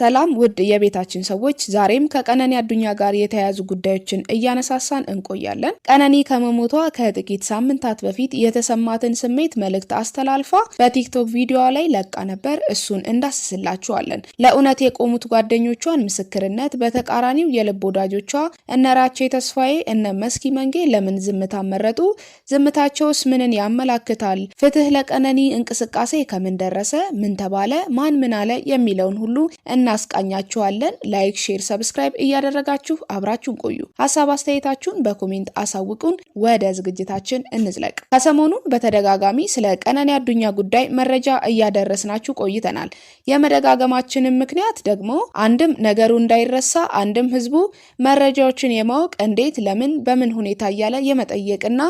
ሰላም ውድ የቤታችን ሰዎች፣ ዛሬም ከቀነኒ አዱኛ ጋር የተያያዙ ጉዳዮችን እያነሳሳን እንቆያለን። ቀነኒ ከመሞቷ ከጥቂት ሳምንታት በፊት የተሰማትን ስሜት መልእክት አስተላልፋ በቲክቶክ ቪዲዮዋ ላይ ለቃ ነበር። እሱን እንዳስስላችኋለን። ለእውነት የቆሙት ጓደኞቿን ምስክርነት በተቃራኒው የልብ ወዳጆቿ እነራቼ ተስፋዬ፣ እነ መስኪ መንጌ ለምን ዝምታ መረጡ? ዝምታቸውስ ምንን ያመላክታል? ፍትህ ለቀነኒ እንቅስቃሴ ከምን ደረሰ? ምን ተባለ? ማን ምን አለ? የሚለውን ሁሉ እና እናስቃኛችኋለን። ላይክ፣ ሼር፣ ሰብስክራይብ እያደረጋችሁ አብራችሁን ቆዩ። ሀሳብ አስተያየታችሁን በኮሜንት አሳውቁን። ወደ ዝግጅታችን እንዝለቅ። ከሰሞኑን በተደጋጋሚ ስለ ቀነኒ አዱኛ ጉዳይ መረጃ እያደረስናችሁ ቆይተናል። የመደጋገማችንን ምክንያት ደግሞ አንድም ነገሩ እንዳይረሳ፣ አንድም ህዝቡ መረጃዎችን የማወቅ እንዴት፣ ለምን፣ በምን ሁኔታ እያለ የመጠየቅና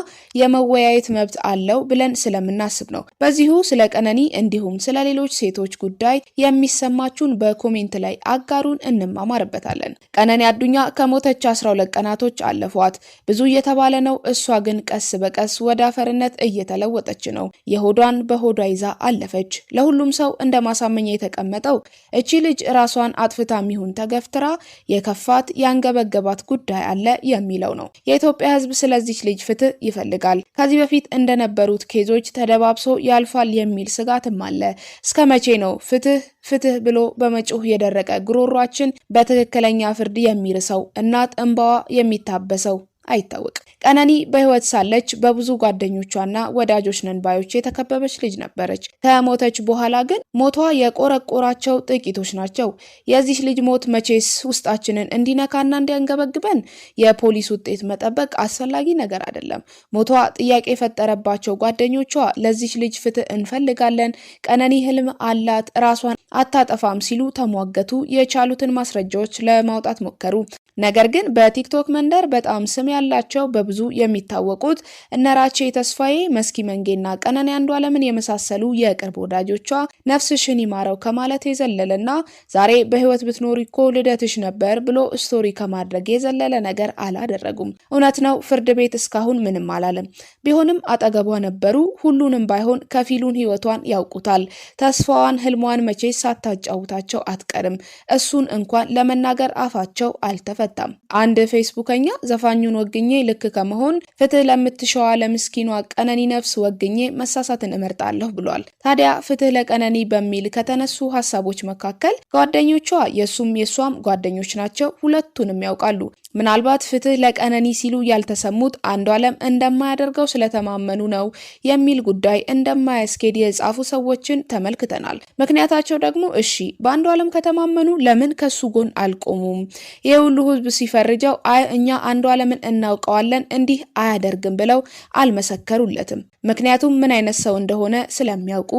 የመወያየት መብት አለው ብለን ስለምናስብ ነው። በዚሁ ስለ ቀነኒ እንዲሁም ስለ ሌሎች ሴቶች ጉዳይ የሚሰማችሁን በኮሜንት ትዕይንት ላይ አጋሩን እንማማርበታለን። ቀነኒ አዱኛ ከሞተች 12 ቀናቶች አለፏት። ብዙ እየተባለ ነው። እሷ ግን ቀስ በቀስ ወደ አፈርነት እየተለወጠች ነው። የሆዷን በሆዷ ይዛ አለፈች። ለሁሉም ሰው እንደ ማሳመኛ የተቀመጠው እቺ ልጅ ራሷን አጥፍታ ሚሆን ተገፍትራ የከፋት ያንገበገባት ጉዳይ አለ የሚለው ነው። የኢትዮጵያ ሕዝብ ስለዚች ልጅ ፍትህ ይፈልጋል። ከዚህ በፊት እንደነበሩት ኬዞች ተደባብሶ ያልፋል የሚል ስጋትም አለ። እስከ መቼ ነው ፍትህ ፍትህ ብሎ በመጮህ የደረቀ ጉሮሯችን በትክክለኛ ፍርድ የሚርሰው እናት እንባዋ የሚታበሰው አይታወቅም። ቀነኒ በህይወት ሳለች በብዙ ጓደኞቿና ወዳጆች ነንባዮች የተከበበች ልጅ ነበረች። ከሞተች በኋላ ግን ሞቷ የቆረቆራቸው ጥቂቶች ናቸው። የዚህ ልጅ ሞት መቼስ ውስጣችንን እንዲነካና እንዲያንገበግበን የፖሊስ ውጤት መጠበቅ አስፈላጊ ነገር አይደለም። ሞቷ ጥያቄ የፈጠረባቸው ጓደኞቿ ለዚህ ልጅ ፍትህ እንፈልጋለን፣ ቀነኒ ህልም አላት፣ ራሷን አታጠፋም ሲሉ ተሟገቱ። የቻሉትን ማስረጃዎች ለማውጣት ሞከሩ። ነገር ግን በቲክቶክ መንደር በጣም ስም ያላቸው በብዙ የሚታወቁት እነራቼ ተስፋዬ፣ መስኪ መንጌና ቀነኔ አንዱዓለምን የመሳሰሉ የቅርብ ወዳጆቿ ነፍስሽን ይማረው ከማለት የዘለለና ዛሬ በህይወት ብትኖሪ እኮ ልደትሽ ነበር ብሎ ስቶሪ ከማድረግ የዘለለ ነገር አላደረጉም። እውነት ነው፣ ፍርድ ቤት እስካሁን ምንም አላለም። ቢሆንም አጠገቧ ነበሩ። ሁሉንም ባይሆን ከፊሉን ህይወቷን ያውቁታል። ተስፋዋን፣ ህልሟን መቼ ሳታጫውታቸው አትቀርም። እሱን እንኳን ለመናገር አፋቸው አልተፈ አልበረታም። አንድ ፌስቡከኛ ዘፋኙን ወግኜ ልክ ከመሆን ፍትህ ለምትሸዋ ለምስኪኗ ቀነኒ ነፍስ ወግኜ መሳሳትን እመርጣለሁ ብሏል። ታዲያ ፍትህ ለቀነኒ በሚል ከተነሱ ሀሳቦች መካከል ጓደኞቿ የእሱም የእሷም ጓደኞች ናቸው፣ ሁለቱንም ያውቃሉ። ምናልባት ፍትህ ለቀነኒ ሲሉ ያልተሰሙት አለም እንደማያደርገው ስለተማመኑ ነው የሚል ጉዳይ እንደማያስኬድ የጻፉ ሰዎችን ተመልክተናል። ምክንያታቸው ደግሞ እሺ በአንዱ አለም ከተማመኑ ለምን ከሱ ጎን አልቆሙም? ይህ ሁሉ ህዝብ ሲፈርጀው አይ እኛ አለምን እናውቀዋለን እንዲህ አያደርግም ብለው አልመሰከሩለትም። ምክንያቱም ምን አይነት ሰው እንደሆነ ስለሚያውቁ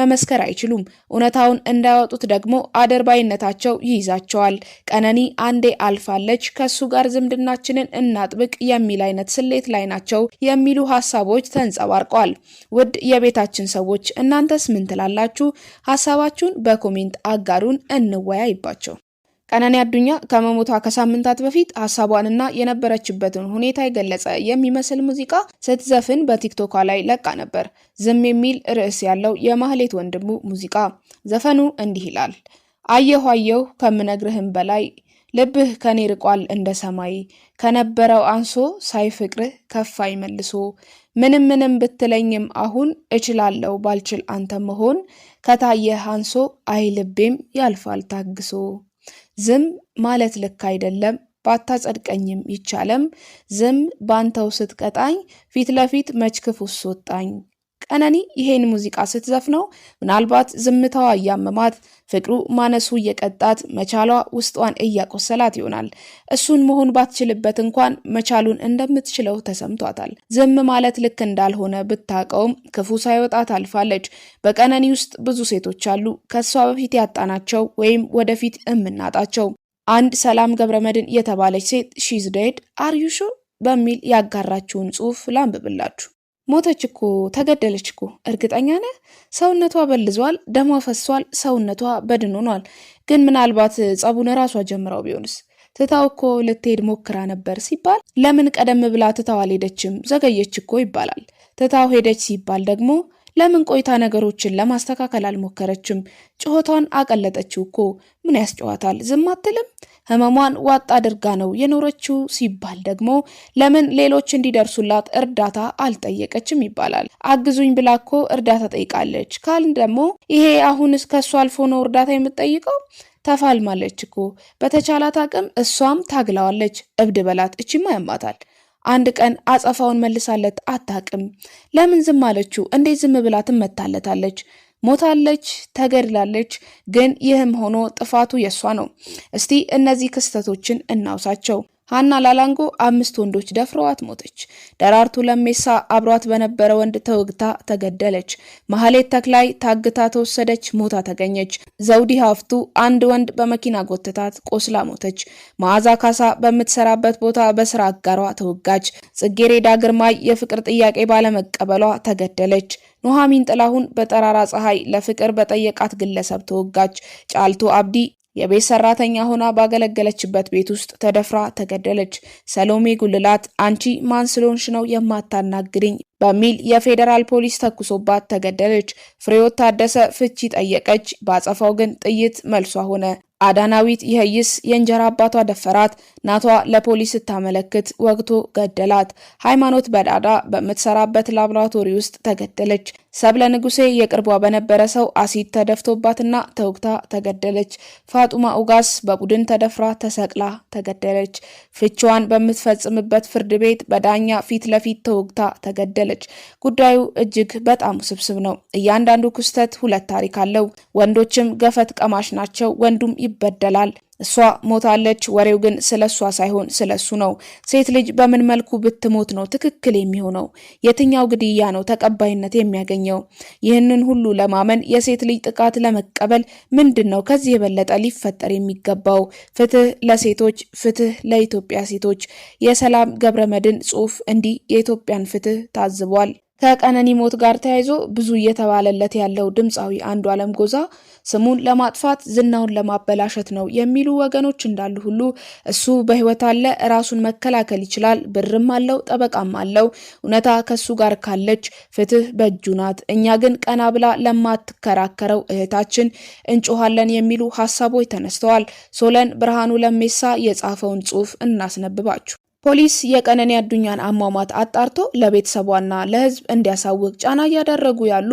መመስከር አይችሉም። እውነታውን እንዳያወጡት ደግሞ አደርባይነታቸው ይይዛቸዋል። ቀነኒ አንዴ አልፋለች ከሱ ጋር ጋር ዝምድናችንን እናጥብቅ የሚል አይነት ስሌት ላይ ናቸው የሚሉ ሀሳቦች ተንጸባርቀዋል። ውድ የቤታችን ሰዎች እናንተስ ምን ትላላችሁ? ሀሳባችሁን በኮሜንት አጋሩን፣ እንወያይባቸው። ቀነኒ አዱኛ ከመሞቷ ከሳምንታት በፊት ሀሳቧንና የነበረችበትን ሁኔታ የገለጸ የሚመስል ሙዚቃ ስትዘፍን በቲክቶኳ ላይ ለቃ ነበር። ዝም የሚል ርዕስ ያለው የማህሌት ወንድሙ ሙዚቃ ዘፈኑ እንዲህ ይላል። አየሁ አየሁ ከምነግርህም በላይ ልብህ ከኔ ርቋል እንደ ሰማይ ከነበረው አንሶ ሳይፍቅርህ ከፍ መልሶ ምንም ምንም ብትለኝም አሁን እችላለሁ ባልችል አንተ መሆን ከታየህ አንሶ አይ ልቤም ያልፋል ታግሶ ዝም ማለት ልክ አይደለም ባታጸድቀኝም ይቻለም ዝም ባንተው ስትቀጣኝ ፊት ለፊት መች ክፉስ ወጣኝ ቀነኒ ይሄን ሙዚቃ ስትዘፍነው ምናልባት ዝምታዋ እያመማት ፍቅሩ ማነሱ እየቀጣት መቻሏ ውስጧን እያቆሰላት ይሆናል። እሱን መሆን ባትችልበት እንኳን መቻሉን እንደምትችለው ተሰምቷታል። ዝም ማለት ልክ እንዳልሆነ ብታውቀውም ክፉ ሳይወጣ ታልፋለች። በቀነኒ ውስጥ ብዙ ሴቶች አሉ፣ ከእሷ በፊት ያጣናቸው ወይም ወደፊት እምናጣቸው። አንድ ሰላም ገብረመድን የተባለች ሴት ሺዝ ዴድ አርዩሹ በሚል ያጋራችውን ጽሑፍ ላንብብላችሁ። ሞተች እኮ ተገደለች እኮ እርግጠኛ ነህ? ሰውነቷ በልዟል፣ ደሟ ፈሷል፣ ሰውነቷ በድን ሆኗል። ግን ምናልባት ጸቡን ራሷ ጀምራው ቢሆንስ? ትታው እኮ ልትሄድ ሞክራ ነበር ሲባል ለምን ቀደም ብላ ትታው አልሄደችም? ዘገየች እኮ ይባላል። ትታው ሄደች ሲባል ደግሞ ለምን ቆይታ ነገሮችን ለማስተካከል አልሞከረችም? ጩኸቷን አቀለጠችው እኮ ምን ያስጨዋታል? ዝም አትልም? ህመሟን ዋጥ አድርጋ ነው የኖረችው ሲባል ደግሞ ለምን ሌሎች እንዲደርሱላት እርዳታ አልጠየቀችም ይባላል። አግዙኝ ብላ እኮ እርዳታ ጠይቃለች ካልን ደግሞ ይሄ አሁን ከእሱ አልፎ ነው እርዳታ የምትጠይቀው? ተፋልማለች እኮ በተቻላት አቅም እሷም ታግለዋለች። እብድ በላት እቺማ ያማታል። አንድ ቀን አጸፋውን መልሳለት አታቅም። ለምን ዝም አለችው? እንዴት ዝም ብላ ትመታለታለች? ሞታለች፣ ተገድላለች። ግን ይህም ሆኖ ጥፋቱ የእሷ ነው። እስቲ እነዚህ ክስተቶችን እናውሳቸው። ሀና ላላንጎ አምስት ወንዶች ደፍረዋት ሞተች። ደራርቱ ለሜሳ አብሯት በነበረ ወንድ ተወግታ ተገደለች። መሀሌት ተክላይ ታግታ ተወሰደች፣ ሞታ ተገኘች። ዘውዲ ሀፍቱ አንድ ወንድ በመኪና ጎትታት ቆስላ ሞተች። መዓዛ ካሳ በምትሰራበት ቦታ በስራ አጋሯ ተወጋች። ጽጌሬዳ ግርማይ የፍቅር ጥያቄ ባለመቀበሏ ተገደለች። ኑሐሚን ጥላሁን በጠራራ ፀሐይ ለፍቅር በጠየቃት ግለሰብ ተወጋች። ጫልቱ አብዲ የቤት ሰራተኛ ሆና ባገለገለችበት ቤት ውስጥ ተደፍራ ተገደለች። ሰሎሜ ጉልላት አንቺ ማን ስለሆንሽ ነው የማታናግድኝ በሚል የፌዴራል ፖሊስ ተኩሶባት ተገደለች። ፍሬህይወት ታደሰ ፍቺ ጠየቀች። ባጸፋው ግን ጥይት መልሷ ሆነ። አዳናዊት ይህይስ የእንጀራ አባቷ ደፈራት፣ ናቷ ለፖሊስ ስታመለክት ወግቶ ገደላት። ሃይማኖት በዳዳ በምትሰራበት ላብራቶሪ ውስጥ ተገደለች። ሰብለ ንጉሴ የቅርቧ በነበረ ሰው አሲድ ተደፍቶባትና ተወግታ ተገደለች። ፋጡማ ኡጋስ በቡድን ተደፍራ ተሰቅላ ተገደለች። ፍቺዋን በምትፈጽምበት ፍርድ ቤት በዳኛ ፊት ለፊት ተወግታ ተገደለች። ጉዳዩ እጅግ በጣም ውስብስብ ነው። እያንዳንዱ ክስተት ሁለት ታሪክ አለው። ወንዶችም ገፈት ቀማሽ ናቸው። ወንዱም ይበደላል። እሷ ሞታለች፣ ወሬው ግን ስለ እሷ ሳይሆን ስለ እሱ ነው። ሴት ልጅ በምን መልኩ ብትሞት ነው ትክክል የሚሆነው? የትኛው ግድያ ነው ተቀባይነት የሚያገኘው? ይህንን ሁሉ ለማመን የሴት ልጅ ጥቃት ለመቀበል ምንድን ነው ከዚህ የበለጠ ሊፈጠር የሚገባው? ፍትህ ለሴቶች፣ ፍትህ ለኢትዮጵያ ሴቶች። የሰላም መድን ጽሑፍ እንዲህ የኢትዮጵያን ፍትህ ታዝቧል። ከቀነኒ ሞት ጋር ተያይዞ ብዙ እየተባለለት ያለው ድምፃዊ አንዱ አለም ጎዛ ስሙን ለማጥፋት ዝናውን ለማበላሸት ነው የሚሉ ወገኖች እንዳሉ ሁሉ እሱ በህይወት አለ፣ ራሱን መከላከል ይችላል፣ ብርም አለው፣ ጠበቃም አለው። እውነታ ከሱ ጋር ካለች ፍትህ በእጁ ናት። እኛ ግን ቀና ብላ ለማትከራከረው እህታችን እንጮኋለን የሚሉ ሀሳቦች ተነስተዋል። ሶለን ብርሃኑ ለሜሳ የጻፈውን ጽሑፍ እናስነብባችሁ። ፖሊስ የቀነኒ አዱኛን አሟሟት አጣርቶ ለቤተሰቧና ለሕዝብ እንዲያሳውቅ ጫና እያደረጉ ያሉ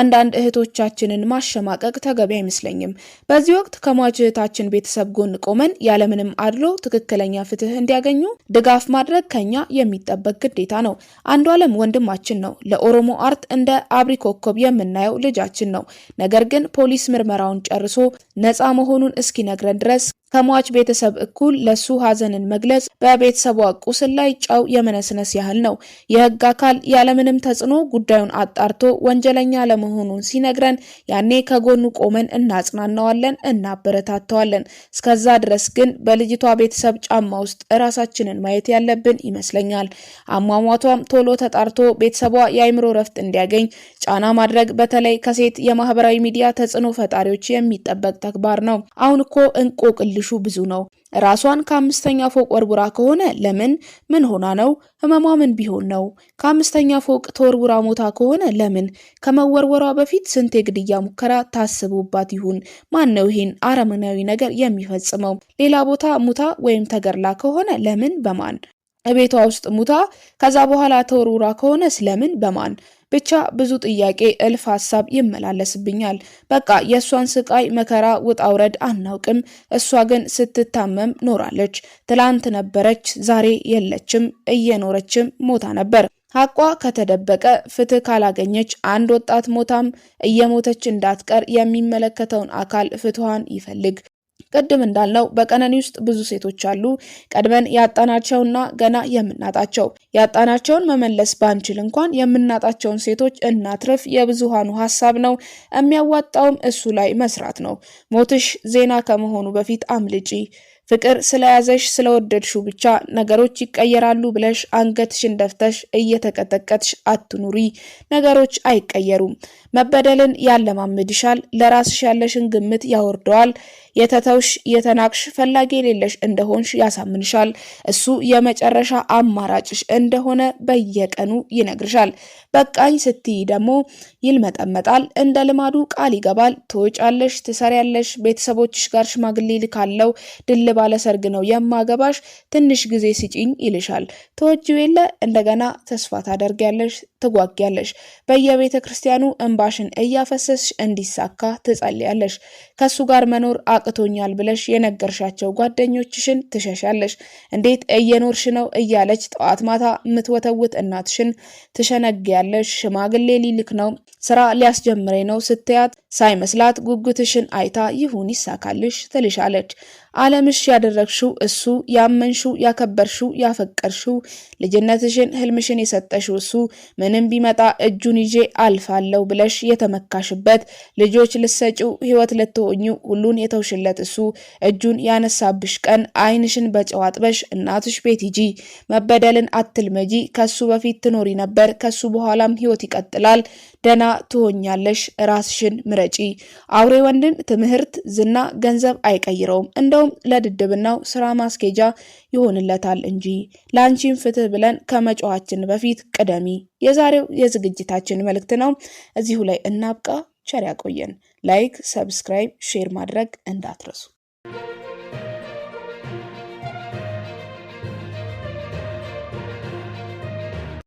አንዳንድ እህቶቻችንን ማሸማቀቅ ተገቢ አይመስለኝም። በዚህ ወቅት ከሟች እህታችን ቤተሰብ ጎን ቆመን ያለምንም አድሎ ትክክለኛ ፍትህ እንዲያገኙ ድጋፍ ማድረግ ከኛ የሚጠበቅ ግዴታ ነው። አንዷለም ወንድማችን ነው። ለኦሮሞ አርት እንደ አብሪ ኮከብ የምናየው ልጃችን ነው። ነገር ግን ፖሊስ ምርመራውን ጨርሶ ነፃ መሆኑን እስኪነግረን ድረስ ከሟች ቤተሰብ እኩል ለሱ ሐዘንን መግለጽ በቤተሰቧ ቁስል ላይ ጨው የመነስነስ ያህል ነው። የህግ አካል ያለምንም ተጽዕኖ ጉዳዩን አጣርቶ ወንጀለኛ ለመሆኑን ሲነግረን ያኔ ከጎኑ ቆመን እናጽናናዋለን፣ እናበረታተዋለን። እስከዛ ድረስ ግን በልጅቷ ቤተሰብ ጫማ ውስጥ እራሳችንን ማየት ያለብን ይመስለኛል። አሟሟቷም ቶሎ ተጣርቶ ቤተሰቧ የአይምሮ ረፍት እንዲያገኝ ጫና ማድረግ በተለይ ከሴት የማህበራዊ ሚዲያ ተጽዕኖ ፈጣሪዎች የሚጠበቅ ተግባር ነው። አሁን እኮ እንቆቅልሽ ትንሹ ብዙ ነው። ራሷን ከአምስተኛ ፎቅ ወርውራ ከሆነ ለምን? ምን ሆና ነው? ህመሟ ምን ቢሆን ነው? ከአምስተኛ ፎቅ ተወርውራ ሞታ ከሆነ ለምን? ከመወርወሯ በፊት ስንት የግድያ ሙከራ ታስቡባት ይሁን? ማን ነው ይህን አረመናዊ ነገር የሚፈጽመው? ሌላ ቦታ ሙታ ወይም ተገድላ ከሆነ ለምን? በማን ቤቷ ውስጥ ሙታ ከዛ በኋላ ተወርውራ ከሆነ ስለምን በማን ብቻ ብዙ ጥያቄ እልፍ ሀሳብ ይመላለስብኛል። በቃ የእሷን ስቃይ መከራ ውጣ ውረድ አናውቅም። እሷ ግን ስትታመም ኖራለች። ትላንት ነበረች፣ ዛሬ የለችም። እየኖረችም ሞታ ነበር። ሀቋ ከተደበቀ ፍትህ ካላገኘች አንድ ወጣት ሞታም እየሞተች እንዳትቀር የሚመለከተውን አካል ፍትኋን ይፈልግ። ቅድም እንዳልነው በቀነኒ ውስጥ ብዙ ሴቶች አሉ ቀድመን ያጣናቸውና ገና የምናጣቸው። ያጣናቸውን መመለስ ባንችል እንኳን የምናጣቸውን ሴቶች እናትርፍ፣ የብዙሃኑ ሀሳብ ነው። የሚያዋጣውም እሱ ላይ መስራት ነው። ሞትሽ ዜና ከመሆኑ በፊት አምልጪ ፍቅር ስለያዘሽ ስለወደድሹ ብቻ ነገሮች ይቀየራሉ ብለሽ አንገትሽን ደፍተሽ እየተቀጠቀጥሽ አትኑሪ። ነገሮች አይቀየሩም። መበደልን ያለማምድሻል። ለራስሽ ያለሽን ግምት ያወርደዋል። የተተውሽ የተናቅሽ ፈላጊ የሌለሽ እንደሆንሽ ያሳምንሻል። እሱ የመጨረሻ አማራጭሽ እንደሆነ በየቀኑ ይነግርሻል። በቃኝ ስትይ ደግሞ ይልመጠመጣል። እንደ ልማዱ ቃል ይገባል። ትወጫለሽ፣ ትሰሪያለሽ፣ ቤተሰቦችሽ ጋር ሽማግሌ ልካለው ድል ባለሰርግ ነው የማገባሽ፣ ትንሽ ጊዜ ሲጭኝ ይልሻል። ተወጂው የለ እንደገና ተስፋ ታደርጊያለሽ ትጓጊያለሽ። በየቤተ ክርስቲያኑ እንባሽን እያፈሰስሽ እንዲሳካ ትጸልያለሽ። ከሱ ጋር መኖር አቅቶኛል ብለሽ የነገርሻቸው ጓደኞችሽን ትሸሻለሽ። እንዴት እየኖርሽ ነው እያለች ጠዋት ማታ የምትወተውት እናትሽን ትሸነግያለሽ። ሽማግሌ ሊልክ ነው ስራ ሊያስጀምሬ ነው ስትያት ሳይመስላት ጉጉትሽን አይታ ይሁን ይሳካልሽ ትልሻለች። አለምሽ ያደረግሽው እሱ ያመንሽው፣ ያከበርሽው፣ ያፈቀርሽው ልጅነትሽን ህልምሽን የሰጠሽው እሱ ምን ምንም ቢመጣ እጁን ይዤ አልፋለሁ ብለሽ የተመካሽበት ልጆች ልሰጪው ህይወት ልትሆኙ ሁሉን የተውሽለት እሱ እጁን ያነሳብሽ ቀን አይንሽን በጨዋጥበሽ እናትሽ ቤት ሂጂ፣ መበደልን አትልመጂ። ከሱ በፊት ትኖሪ ነበር፣ ከሱ በኋላም ህይወት ይቀጥላል። ደና ትሆኛለሽ። ራስሽን ምረጪ። አውሬ ወንድን ትምህርት፣ ዝና፣ ገንዘብ አይቀይረውም። እንደውም ለድድብናው ስራ ማስኬጃ ይሆንለታል እንጂ ለአንቺን ፍትህ ብለን ከመጮኋችን በፊት ቅደሚ። የዛሬው የዝግጅታችን መልእክት ነው። እዚሁ ላይ እናብቃ። ቸር ያቆየን። ላይክ፣ ሰብስክራይብ፣ ሼር ማድረግ እንዳትረሱ።